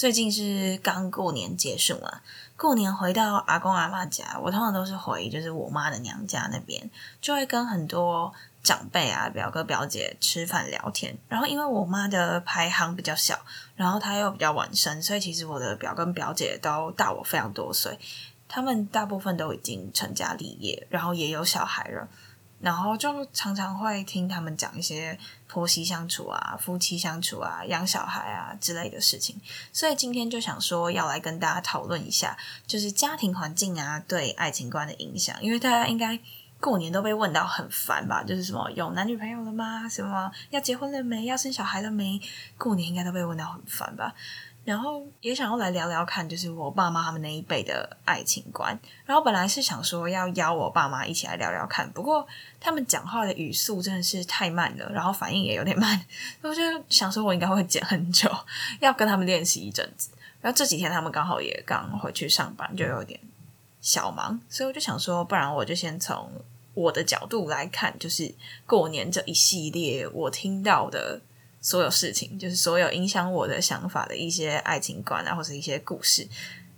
最近是剛過年結束嘛，過年回到阿公阿嬤家，我通常都是回就是我媽的娘家那邊，就會跟很多長輩啊、表哥表姐吃飯聊天。然後因為我媽的排行比較小，然後她又比較晚生，所以其實我的表哥跟表姐都大我非常多歲，他們大部分都已經成家立業，然後也有小孩了。然後就常常會聽他們講一些婆媳相處啊、夫妻相處啊、養小孩啊之類的事情，所以今天就想說要來跟大家討論一下，就是家庭環境啊對愛情觀的影響，因為大家應該過年都被問到很煩吧？就是什麼有男女朋友了嗎？什麼要結婚了沒？要生小孩了沒？過年應該都被問到很煩吧？然後也想要來聊聊看，就是我爸媽他們那一輩的愛情觀。然後本來是想說要邀我爸媽一起來聊聊看，不過他們講話的語速真的是太慢了，然後反應也有點慢，所以我就想說，我應該會剪很久，要跟他們練習一陣子。然後這幾天他們剛好也剛回去上班，就有點小忙，所以我就想說，不然我就先從我的角度來看，就是過年這一系列我聽到的。所有事情，就是所有影響我的想法的一些愛情觀啊，或者一些故事。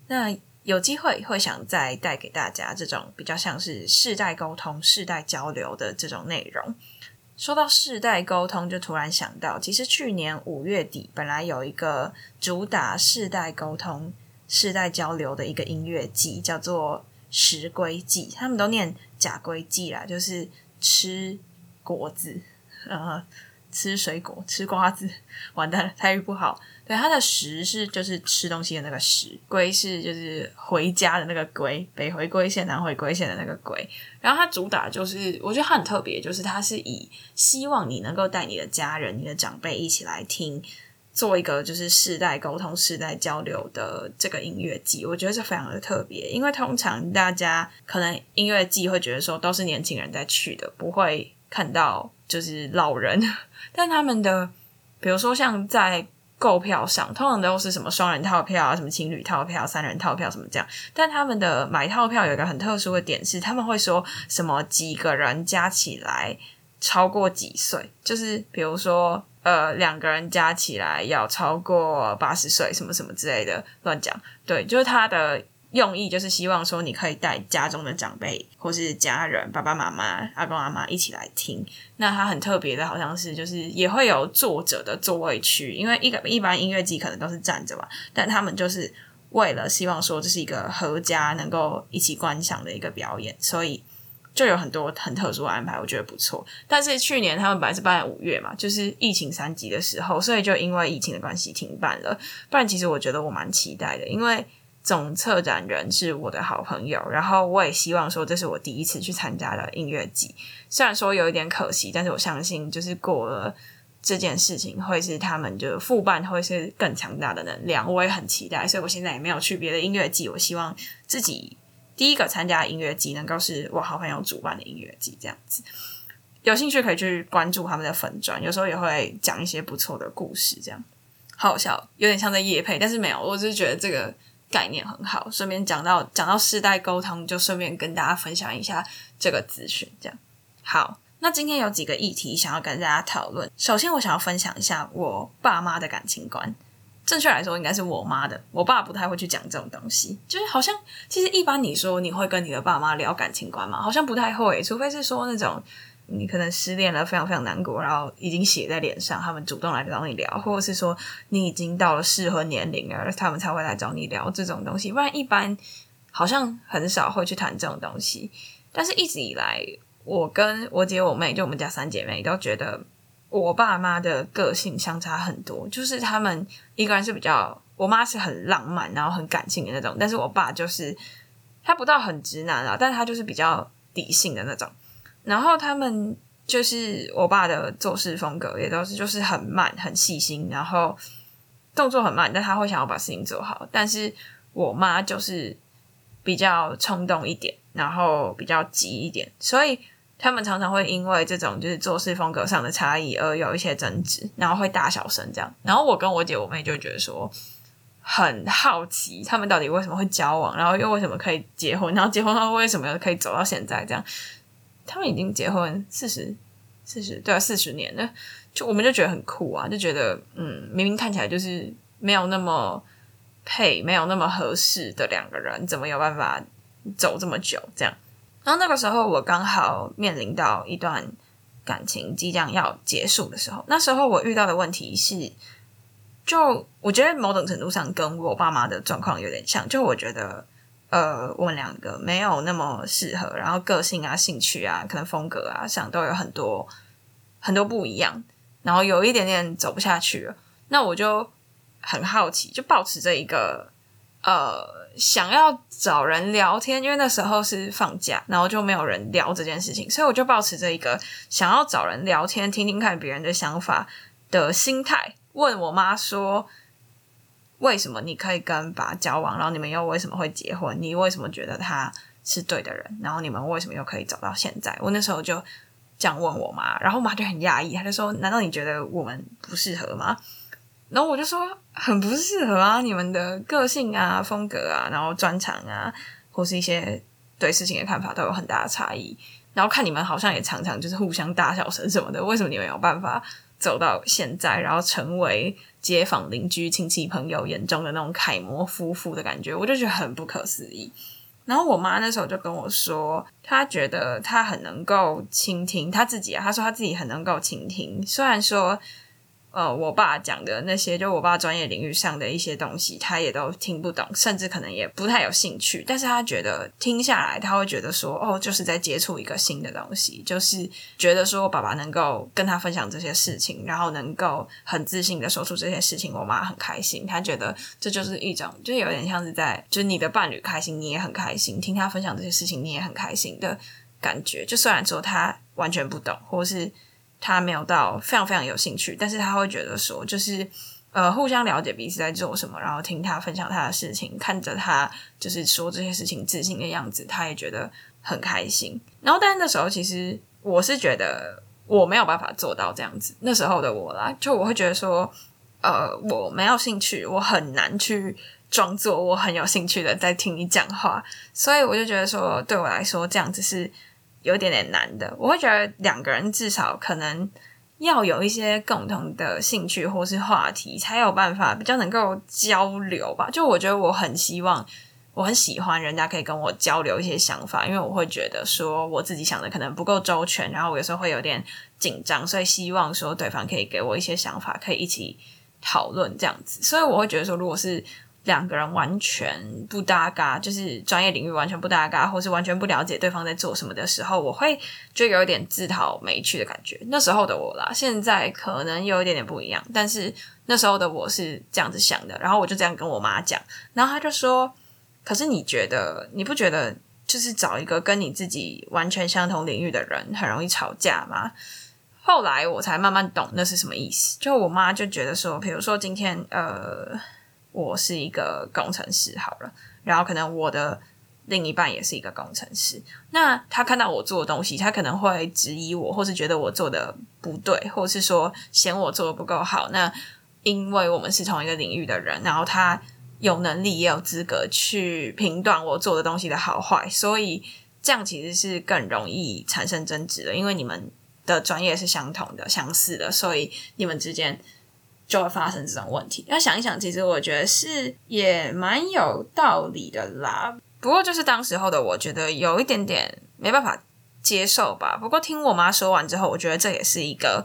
那有機會會想再帶給大家這種比較像是世代溝通、世代交流的這種內容。說到世代溝通，就突然想到，其實去年五月底本來有一個主打世代溝通、世代交流的一個音樂季，叫做《石龜記》，他們都念“假龜記”啦，就是吃果子，呃、嗯。吃水果，吃瓜子，完蛋了，待遇不好。對，它的食是就是吃東西的那個食，歸是就是回家的那個歸，北回歸線、南回歸線的那個歸。然後它主打就是，我覺得它很特別，就是它是以希望你能夠帶你的家人、你的長輩一起來聽，做一個就是世代溝通、世代交流的這個音樂季。我覺得這非常的特別，因為通常大家可能音樂季會覺得說都是年輕人在去的，不會看到。就是老人，但他們的，比如說像在購票上，通常都是什麼雙人套票啊，什麼情侶套票、三人套票什麼這樣。但他們的買套票有一個很特殊的點是，他們會說什麼幾個人加起來超過幾歲，就是比如說呃兩個人加起來要超過八十歲，什麼什麼之類的亂講。對，就是他的。用意就是希望說，你可以帶家中的長輩或是家人、爸爸媽媽、阿公阿媽一起來聽。那它很特別的，好像是就是也會有坐著的座位區，因為一個一般音樂季可能都是站着嘛，但他們就是為了希望說這是一個合家能夠一起觀賞的一個表演，所以就有很多很特殊的安排，我覺得不錯。但是去年他們本來是辦五月嘛，就是疫情三級的時候，所以就因為疫情的關係停辦了。不然其實我覺得我蠻期待的，因為。總策展人是我的好朋友，然後我也希望說這是我第一次去參加的音樂季，雖然說有一點可惜，但是我相信就是過了這件事情，會是他們就復辦會是更強大的能量，我也很期待。所以，我現在也沒有去別的音樂季，我希望自己第一個參加的音樂季能夠是我好朋友主辦的音樂季這樣子。有興趣可以去關注他們的粉專，有時候也會講一些不錯的故事，這樣，好好笑，有點像在業配，但是沒有，我只是覺得這個。概念很好，順便講到講到世代溝通，就順便跟大家分享一下這個資訊這樣。好，那今天有幾個議題想要跟大家討論。首先，我想要分享一下我爸媽的感情觀。正確來說，應該是我媽的，我爸不太會去講這種東西。就是好像，其實一般你說你會跟你的爸媽聊感情觀嗎？好像不太會，除非是說那種。你可能失戀了，非常非常難過，然後已經寫在臉上。他們主動來找你聊，或者是說你已經到了適婚年齡了，他們才會來找你聊這種東西。不然一般好像很少會去談這種東西。但是一直以來，我跟我姐、我妹，就我們家三姐妹，都覺得我爸媽的個性相差很多。就是他們一個人是比較我媽是很浪漫，然後很感性的那種，但是我爸就是他不到很直男啊，但是他就是比較理性的那種。然後他們就是我爸的做事風格也都是就是很慢很細心，然後動作很慢，但他會想要把事情做好。但是我媽就是比較衝動一點，然後比較急一點，所以他們常常會因為這種就是做事風格上的差異而有一些爭執，然後會大小聲這樣。然後我跟我姐我妹就覺得說很好奇他們到底為什麼會交往，然後又為什麼可以結婚，然後結婚後為什麼又可以走到現在這樣。他們已經結婚四十，四十對啊，四十年了，就我們就覺得很酷啊，就覺得嗯，明明看起來就是沒有那麼配，沒有那麼合適的兩個人，怎麼有辦法走這麼久？這樣，然後那個時候我剛好面臨到一段感情即將要結束的時候，那時候我遇到的問題是，就我覺得某種程度上跟我爸媽的狀況有點像，就我覺得。呃，我們兩個沒有那麼適合，然後個性啊、興趣啊、可能風格啊，想都有很多很多不一樣，然後有一點點走不下去了。那我就很好奇，就抱持著一個呃想要找人聊天，因為那時候是放假，然後就沒有人聊這件事情，所以我就抱持著一個想要找人聊天，聽聽看別人的想法的心態，問我媽說。為什麼你可以跟爸交往，然後你們又為什麼會結婚？你為什麼覺得他是對的人？然後你們為什麼又可以走到現在？我那時候就這樣問我媽，然後我媽就很訝異，她就說：“難道你覺得我們不適合嗎？”然後我就說：“很不適合啊，你們的個性啊、風格啊、然後專長啊，或是一些對事情的看法都有很大的差異。然後看你們好像也常常就是互相大小聲什麼的，為什麼你們有辦法走到現在，然後成為？”街坊鄰居、親戚朋友眼中的那種楷模夫婦的感覺，我就覺得很不可思議。然後我媽那時候就跟我說，她覺得她很能夠傾聽，她自己啊，她說她自己很能夠傾聽，雖然說。呃，我爸講的那些，就我爸專業領域上的一些東西，他也都聽不懂，甚至可能也不太有興趣。但是他覺得聽下來，他會覺得說，哦，就是在接觸一個新的東西，就是覺得說，爸爸能夠跟他分享這些事情，然後能夠很自信地說出這些事情，我媽很開心，他覺得這就是一種，就有點像是在，就是你的伴侶開心，你也很開心，聽他分享這些事情，你也很開心的感覺。就雖然說他完全不懂，或是。他沒有到非常非常有興趣，但是他會覺得說，就是呃，互相了解彼此在做什麼，然後聽他分享他的事情，看着他就是說這些事情自信的樣子，他也覺得很開心。然後，但是那時候其實我是覺得我沒有辦法做到這樣子，那時候的我啦，就我會覺得說，呃，我沒有興趣，我很難去裝作我很有興趣的在聽你講話，所以我就覺得說，對我來說這樣子是。有點點難的，我會覺得兩個人至少可能要有一些共同的興趣或是話題，才有辦法比較能夠交流吧。就我覺得我很希望，我很喜歡人家可以跟我交流一些想法，因為我會覺得說我自己想的可能不夠周全，然後我有時候會有點緊張，所以希望說對方可以給我一些想法，可以一起討論這樣子。所以我會覺得說，如果是兩個人完全不搭嘎，就是專業領域完全不搭嘎，或是完全不了解對方在做什麼的時候，我會就有一點自討沒趣的感覺。那時候的我啦，現在可能又有一點點不一樣，但是那時候的我是這樣子想的，然後我就這樣跟我媽講，然後她就說：“可是你覺得，你不覺得就是找一個跟你自己完全相同領域的人，很容易吵架嗎？”後來我才慢慢懂那是什麼意思。就我媽就覺得說，比如說今天呃，我是一個工程師，好了，然後可能我的另一半也是一個工程師。那他看到我做的東西，他可能會質疑我，或是覺得我做的不對，或是說嫌我做的不夠好。那因為我們是同一個領域的人，然後他有能力也有資格去評斷我做的東西的好壞，所以這樣其實是更容易產生爭執的，因為你們的專業是相同的、相似的，所以你們之間。就會發生這種問題，要想一想，其實我覺得是也蠻有道理的啦。不過就是當時候的，我覺得有一點點沒辦法接受吧。不過聽我媽說完之後，我覺得這也是一個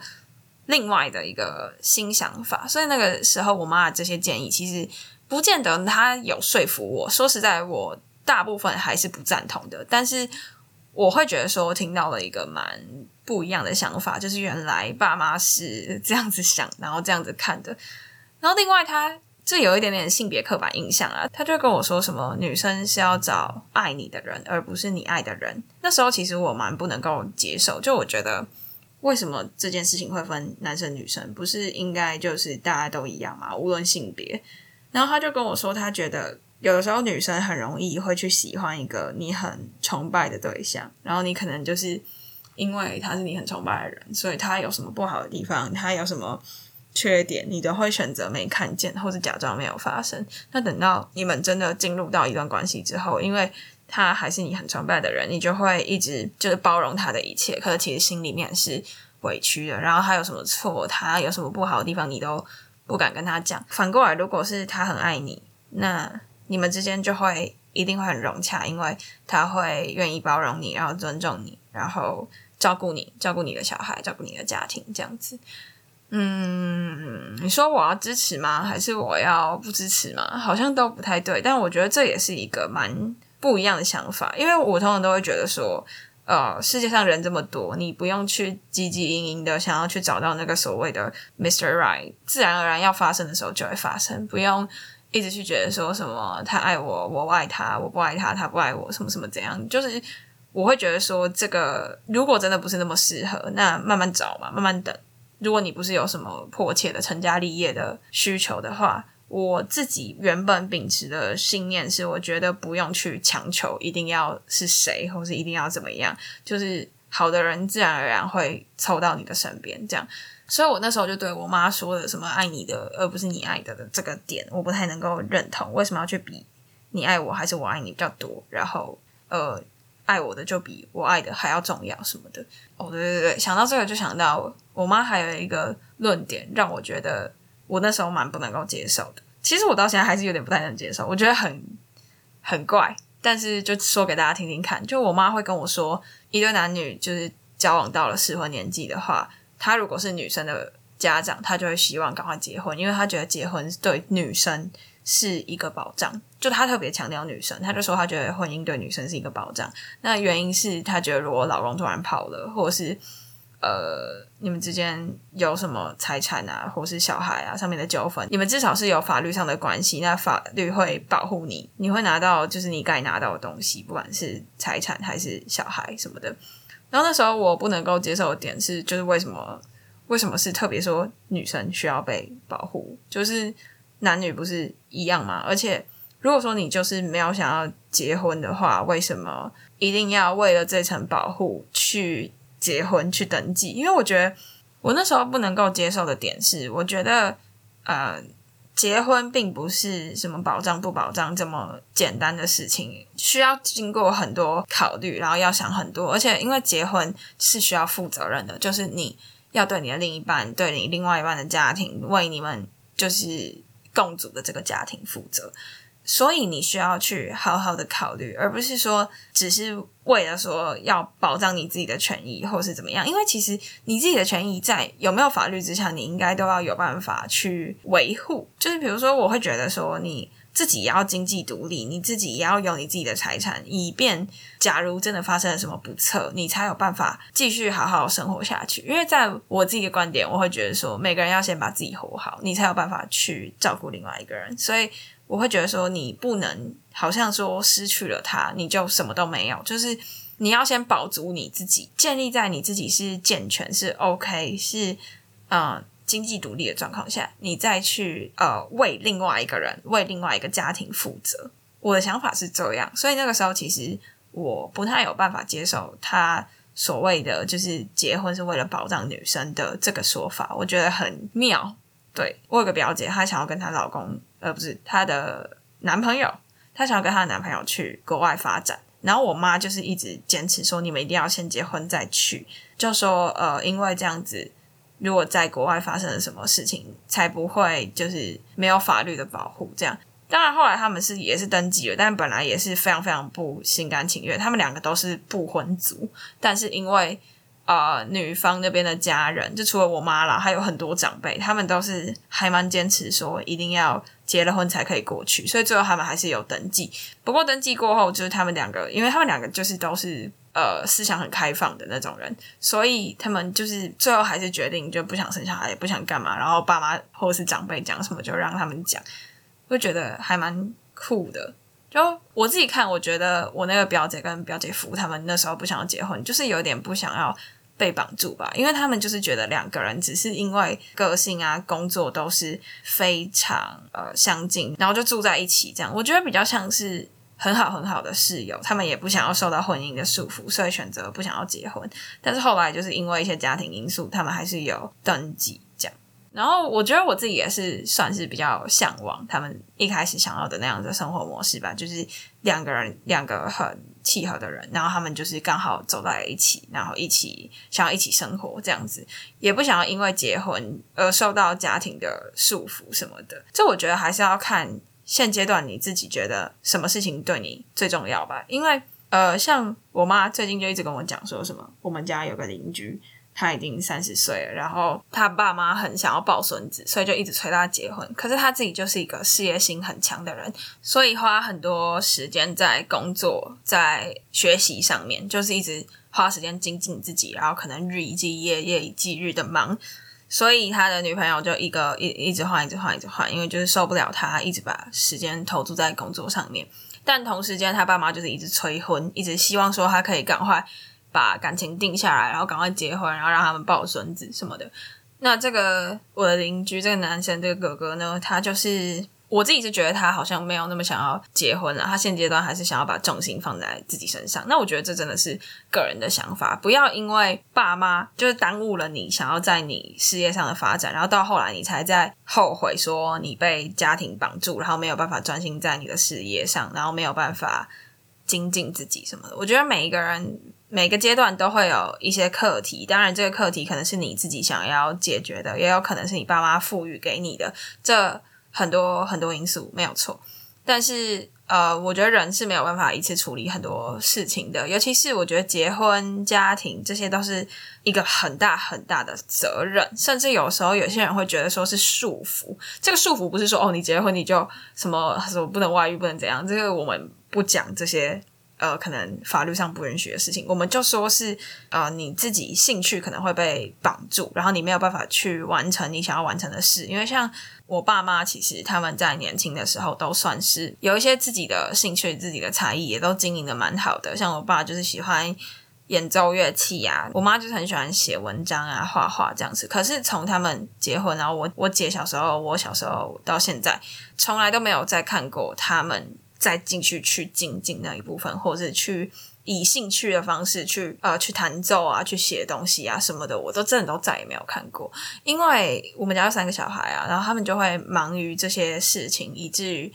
另外的一個新想法。所以那個時候，我媽的這些建議其實不見得她有說服我。說實在，我大部分還是不贊同的。但是我會覺得說聽到了一個蠻。不一樣的想法，就是原來爸媽是這樣子想，然後這樣子看的。然後另外他，他就有一點點性別刻板印象啊，他就跟我說什麼女生是要找愛你的人，而不是你愛的人。那時候其實我蠻不能夠接受，就我覺得為什麼這件事情會分男生女生？不是應該就是大家都一樣嘛，無論性別。然後他就跟我說，他覺得有的時候女生很容易會去喜歡一個你很崇拜的對象，然後你可能就是。因為他是你很崇拜的人，所以他有什麼不好的地方，他有什麼缺點，你都會選擇沒看見，或是假裝沒有發生。那等到你們真的進入到一段關係之後，因為他還是你很崇拜的人，你就會一直就是包容他的一切。可是其實心裡面是委屈的。然後他有什麼錯，他有什麼不好的地方，你都不敢跟他講。反過來，如果是他很愛你，那你們之間就會一定會很融洽，因為他會願意包容你，然後尊重你，然後。照顧你，照顧你的小孩，照顧你的家庭，這樣子。嗯，你說我要支持嗎？還是我要不支持嗎？好像都不太對。但我覺得這也是一個蠻不一樣的想法，因為我通常都會覺得說，呃，世界上人這麼多，你不用去汲汲營營的想要去找到那個所謂的 Mr. Right，自然而然要發生的時候就會發生，不用一直去覺得說什麼他愛我，我愛他，我不愛他，他不愛我，什麼什麼怎樣，就是。我會覺得說，這個如果真的不是那麼適合，那慢慢找嘛，慢慢等。如果你不是有什麼迫切的成家立業的需求的話，我自己原本秉持的信念是，我覺得不用去強求一定要是誰，或是一定要怎麼樣，就是好的人自然而然會湊到你的身邊。這樣，所以我那時候就對我媽說的什麼“愛你的”而不是“你愛的”的這個點，我不太能夠認同。為什麼要去比你愛我還是我愛你比較多？然後，呃。愛我的就比我愛的還要重要什麼的哦，oh, 對對對，想到這個就想到我,我媽還有一個論點，讓我覺得我那時候蠻不能夠接受的。其實我到現在還是有點不太能接受，我覺得很很怪。但是就說給大家聽聽看，就我媽會跟我說，一對男女就是交往到了適婚年紀的話，她如果是女生的家長，她就會希望趕快結婚，因為她覺得結婚對女生。是一個保障，就他特別強調女生，他就說他覺得婚姻對女生是一個保障。那原因是他覺得如果老公突然跑了，或者是呃你們之間有什麼財產啊，或是小孩啊上面的糾紛，你們至少是有法律上的關係，那法律會保護你，你會拿到就是你該拿到的東西，不管是財產還是小孩什麼的。然後那時候我不能夠接受的點是，就是為什麼為什麼是特別說女生需要被保護，就是。男女不是一樣嗎？而且如果說你就是沒有想要結婚的話，為什麼一定要為了這層保護去結婚去登記？因為我覺得我那時候不能夠接受的點是，我覺得呃，結婚並不是什麼保障不保障這麼簡單的事情，需要經過很多考慮，然後要想很多。而且因為結婚是需要負責任的，就是你要對你的另一半，對你另外一半的家庭，為你們就是。共組的這個家庭負責，所以你需要去好好的考慮，而不是說只是為了說要保障你自己的權益或是怎麼樣，因為其實你自己的權益在有沒有法律之下，你應該都要有辦法去維護。就是比如說，我會覺得說你。自己也要經濟獨立，你自己也要有你自己的財產，以便假如真的發生了什麼不測，你才有辦法繼續好好生活下去。因為在我自己的觀點，我會覺得說，每個人要先把自己活好，你才有辦法去照顧另外一個人。所以我會覺得說，你不能好像說失去了他，你就什麼都沒有。就是你要先保足你自己，建立在你自己是健全、是 OK 是、是、嗯、啊。經濟獨立的狀況下，你再去呃、為另外一個人、為另外一個家庭負責。我的想法是這樣，所以那個時候其實我不太有辦法接受他所謂的就是結婚是為了保障女生的這個說法，我覺得很妙，對。我有個表姐，她想要跟她老公，呃，不是她的男朋友，她想要跟她的男朋友去國外發展，然後我媽就是一直堅持說，你們一定要先結婚再去，就說呃，因為這樣子。如果在國外發生了什麼事情，才不會就是沒有法律的保護。這樣，當然後來他們是也是登記了，但本來也是非常非常不心甘情願。他們兩個都是不婚族，但是因為呃女方那邊的家人，就除了我媽啦，還有很多長輩，他們都是還蠻堅持說一定要結了婚才可以過去。所以最後他們還是有登記。不過登記過後，就是他們兩個，因為他們兩個就是都是。呃，思想很開放的那種人，所以他們就是最後還是決定就不想生小孩，也不想幹嘛。然後爸媽或者是長輩講什麼，就讓他們講，就覺得還蠻酷的。就我自己看，我覺得我那個表姐跟表姐夫他們那時候不想要結婚，就是有點不想要被綁住吧，因為他們就是覺得兩個人只是因為個性啊、工作都是非常呃相近，然後就住在一起這樣。我覺得比較像是。很好很好的室友，他們也不想要受到婚姻的束縛，所以選擇不想要結婚。但是後來就是因為一些家庭因素，他們還是有登記這樣。然後我覺得我自己也是算是比較嚮往他們一開始想要的那樣子的生活模式吧，就是兩個人兩個很契合的人，然後他們就是剛好走在一起，然後一起想要一起生活這樣子，也不想要因為結婚而受到家庭的束縛什麼的。這我覺得還是要看。現階段你自己覺得什麼事情對你最重要吧？因為呃，像我媽最近就一直跟我講說，什麼我們家有個鄰居，他已經三十歲了，然後他爸媽很想要抱孫子，所以就一直催他結婚。可是他自己就是一個事業心很強的人，所以花很多時間在工作、在學習上面，就是一直花時間精進自己，然後可能日以繼夜、夜以繼日的忙。所以他的女朋友就一個一一直換，一直換，一直換，因為就是受不了他一直把時間投注在工作上面。但同時間，他爸媽就是一直催婚，一直希望說他可以趕快把感情定下來，然後趕快結婚，然後讓他們抱孫子什麼的。那這個我的鄰居這個男生這個哥哥呢，他就是。我自己是覺得他好像沒有那麼想要結婚了啊，他現階段還是想要把重心放在自己身上。那我覺得這真的是個人的想法，不要因為爸媽就是耽誤了你想要在你事業上的發展，然後到後來你才在後悔說你被家庭綁住，然後沒有辦法專心在你的事業上，然後沒有辦法精進自己什麼的。我覺得每一個人，每個階段都會有一些課題，當然這個課題可能是你自己想要解決的，也有可能是你爸媽賦予給你的。這很多很多因素沒有錯，但是呃，我覺得人是沒有辦法一次處理很多事情的，尤其是我覺得結婚、家庭這些都是一個很大很大的責任，甚至有時候有些人會覺得說是束縛。這個束縛不是說哦，你結婚你就什麼什麼不能外遇、不能怎樣，這個我們不講這些。呃，可能法律上不允許的事情，我們就說是呃，你自己興趣可能會被綁住，然後你沒有辦法去完成你想要完成的事。因為像我爸媽，其實他們在年輕的時候都算是有一些自己的興趣、自己的才藝，也都經營得蠻好的。像我爸就是喜歡演奏樂器啊，我媽就是很喜歡寫文章啊、畫畫這樣子。可是從他們結婚，然後我我姐小時候、我小時候到現在，從來都沒有再看過他們。再進去去精進，那一部分，或者是去以興趣的方式去啊、呃、去彈奏啊，去寫東西啊什麼的，我都真的都再也沒有看過，因為我們家有三個小孩啊，然後他們就會忙於這些事情，以至於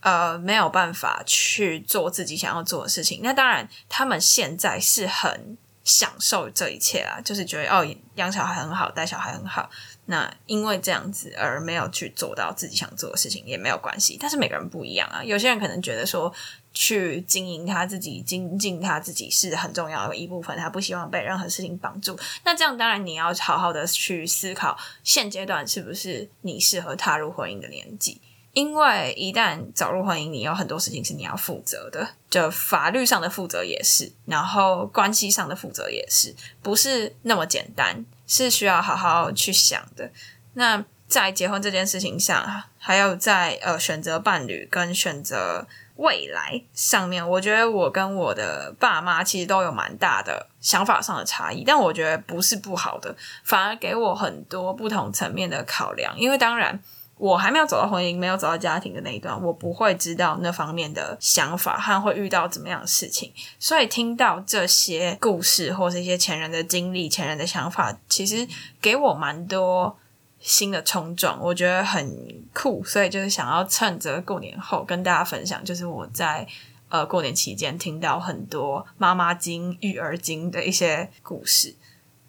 呃沒有辦法去做自己想要做的事情。那當然，他們現在是很享受這一切啊，就是覺得哦養小孩很好，帶小孩很好。那因為這樣子而沒有去做到自己想做的事情也沒有關係，但是每個人不一樣啊。有些人可能覺得說，去經營他自己、精進他自己是很重要的一部分，他不希望被任何事情綁住。那這樣當然你要好好的去思考，現階段是不是你適合踏入婚姻的年紀？因為一旦走入婚姻，你有很多事情是你要負責的，就法律上的負責也是，然後關係上的負責也是，不是那麼簡單。是需要好好去想的。那在結婚這件事情上，還有在呃選擇伴侶跟選擇未來上面，我覺得我跟我的爸媽其實都有蠻大的想法上的差異，但我覺得不是不好的，反而給我很多不同層面的考量，因為當然。我還沒有走到婚姻，沒有走到家庭的那一段，我不會知道那方面的想法還會遇到怎麼樣的事情。所以聽到這些故事，或是一些前人的經歷、前人的想法，其實給我蠻多新的衝撞，我覺得很酷。所以就是想要趁着過年後跟大家分享，就是我在呃過年期間聽到很多媽媽經、育兒經的一些故事。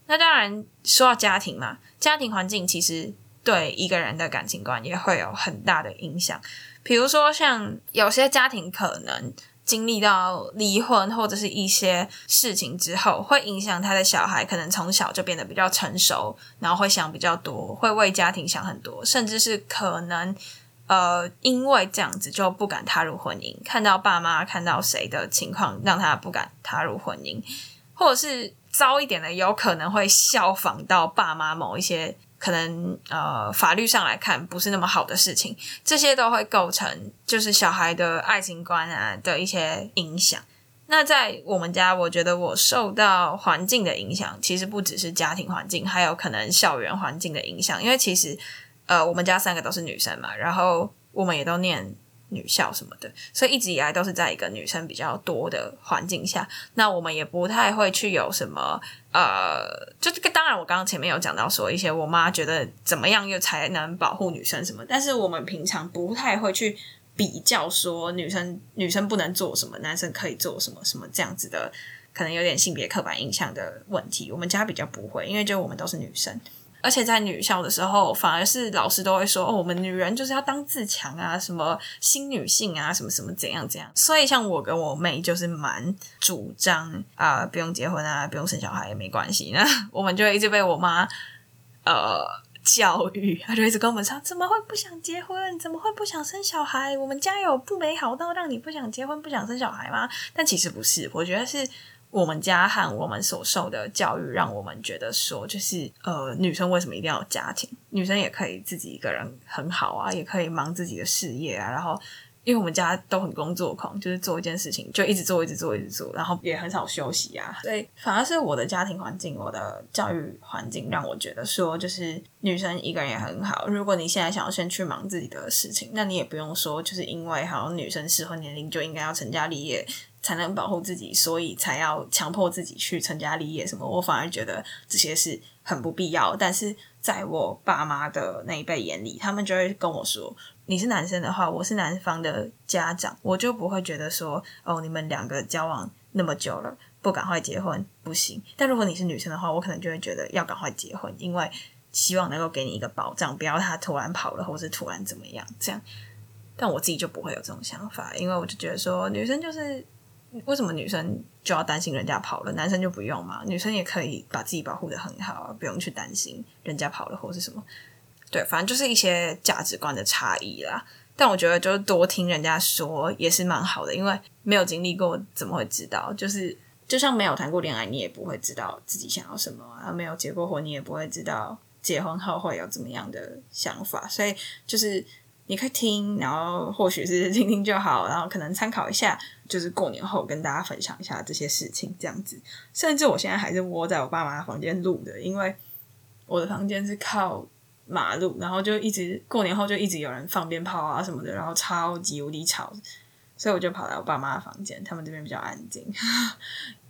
那當然，說到家庭嘛，家庭環境其實。對一個人的感情觀也會有很大的影響，比如說像有些家庭可能經歷到離婚或者是一些事情之後，會影響他的小孩，可能從小就變得比較成熟，然後會想比較多，會為家庭想很多，甚至是可能呃因為這樣子就不敢踏入婚姻，看到爸媽看到誰的情況讓他不敢踏入婚姻，或者是糟一點的有可能會效仿到爸媽某一些，可能呃，法律上來看不是那麼好的事情，這些都會構成就是小孩的愛情觀啊的一些影響。那在我們家，我覺得我受到環境的影響，其實不只是家庭環境，還有可能校園環境的影響。因為其實呃，我們家三個都是女生嘛，然後我們也都念，女校什麼的，所以一直以來都是在一個女生比較多的環境下，那我們也不太會去有什麼呃，就這個。當然，我剛剛前面有講到說一些我媽覺得怎麼樣又才能保護女生什麼，但是我們平常不太會去比較說女生，女生不能做什麼，男生可以做什麼什麼這樣子的，可能有點性別刻板印象的問題。我們家比較不會，因為就我們都是女生。而且在女校的時候，反而是老師都會說：“哦，我們女人就是要當自強啊，什麼新女性啊，什麼什麼怎樣怎樣。”所以像我跟我妹就是蠻主張啊、呃，不用結婚啊，不用生小孩也沒關係。那我們就一直被我媽呃教育，她就一直跟我們說：“怎麼會不想結婚？怎麼會不想生小孩？我們家有不美好到讓你不想結婚、不想生小孩嗎？”但其實不是，我覺得是。我們家和我們所受的教育，讓我們覺得說，就是呃，女生為什麼一定要有家庭？女生也可以自己一個人很好啊，也可以忙自己的事業啊。然後，因為我們家都很工作狂，就是做一件事情就一直做，一直做，一直做，然後也很少休息啊。對，反而是我的家庭環境，我的教育環境，讓我覺得說，就是女生一個人也很好。如果你現在想要先去忙自己的事情，那你也不用說，就是因為好像女生適婚年齡就應該要成家立業。才能保護自己，所以才要強迫自己去成家立業什麼。我反而覺得這些是很不必要。但是在我爸媽的那一輩眼裡，他們就會跟我說：“你是男生的話，我是男方的家長，我就不會覺得說哦，你們兩個交往那麼久了，不趕快結婚不行。”但如果你是女生的話，我可能就會覺得要趕快結婚，因為希望能夠給你一個保障，不要他突然跑了，或是突然怎麼樣，這樣。但我自己就不會有這種想法，因為我就覺得說女生就是。為什麼女生就要擔心人家跑了，男生就不用嘛？女生也可以把自己保護得很好，不用去擔心人家跑了或是什麼。對，反正就是一些價值觀的差異啦。但我覺得，就是多聽人家說也是蠻好的，因為沒有經歷過，怎麼會知道？就是就像沒有談過戀愛，你也不會知道自己想要什麼啊，而沒有結過婚，你也不會知道結婚後會有怎麼樣的想法。所以，就是。你可以聽，然後或許是聽聽就好，然後可能參考一下，就是過年後跟大家分享一下這些事情，這樣子。甚至我現在還是窩在我爸媽的房間錄的，因為我的房間是靠馬路，然後就一直，過年後就一直有人放鞭炮啊什麼的，然後超級無敵吵，所以我就跑來我爸媽的房間，他們這邊比較安靜。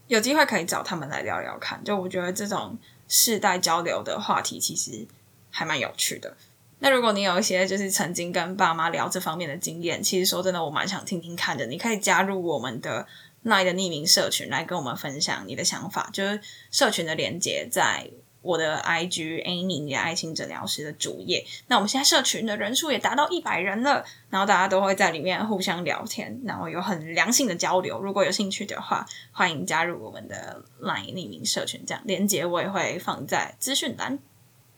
有機會可以找他們來聊聊看，就我覺得這種世代交流的話題其實還蠻有趣的。那如果你有一些就是曾經跟爸媽聊這方面的經驗，其實說真的，我蠻想聽聽看的。你可以加入我們的 LINE 的匿名社群來跟我們分享你的想法。就是社群的連接在我的 IG Annie 的愛情診療師的主頁。那我們現在社群的人數也達到一百人了，然後大家都會在裡面互相聊天，然後有很良性的交流。如果有興趣的話，歡迎加入我們的 LINE 匿名社群。這樣連接我也會放在資訊欄。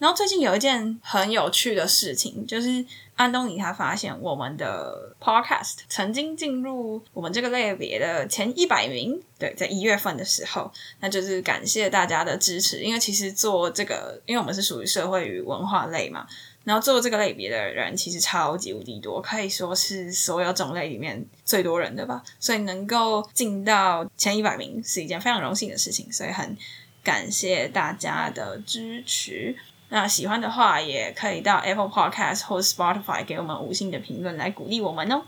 然後最近有一件很有趣的事情，就是安東尼他發現我們的 Podcast 曾經進入我們這個類別的前一百名。對，在一月份的時候，那就是感謝大家的支持。因為其實做這個，因為我們是屬於社會與文化類嘛，然後做這個類別的人其實超級無敵多，可以說是所有種類裡面最多人的吧？所以能夠進到前一百名是一件非常榮幸的事情，所以很感謝大家的支持。那喜歡的話，也可以到 Apple Podcast 或 Spotify 給我們五星的評論來鼓勵我們哦。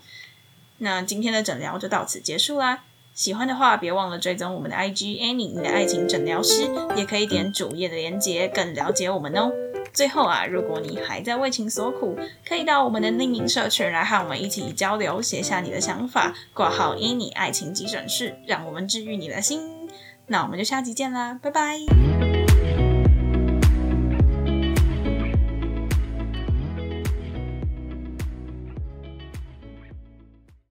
那今天的診療就到此結束啦。喜歡的話，別忘了追蹤我們的 IG Annie 你的愛情診療師，也可以點主頁的連結更了解我們哦。最後啊，如果你還在為情所苦，可以到我們的匿名社群來和我們一起交流，寫下你的想法，掛號 Annie 愛情急診室，讓我們治癒你的心。那我們就下集見啦，拜拜。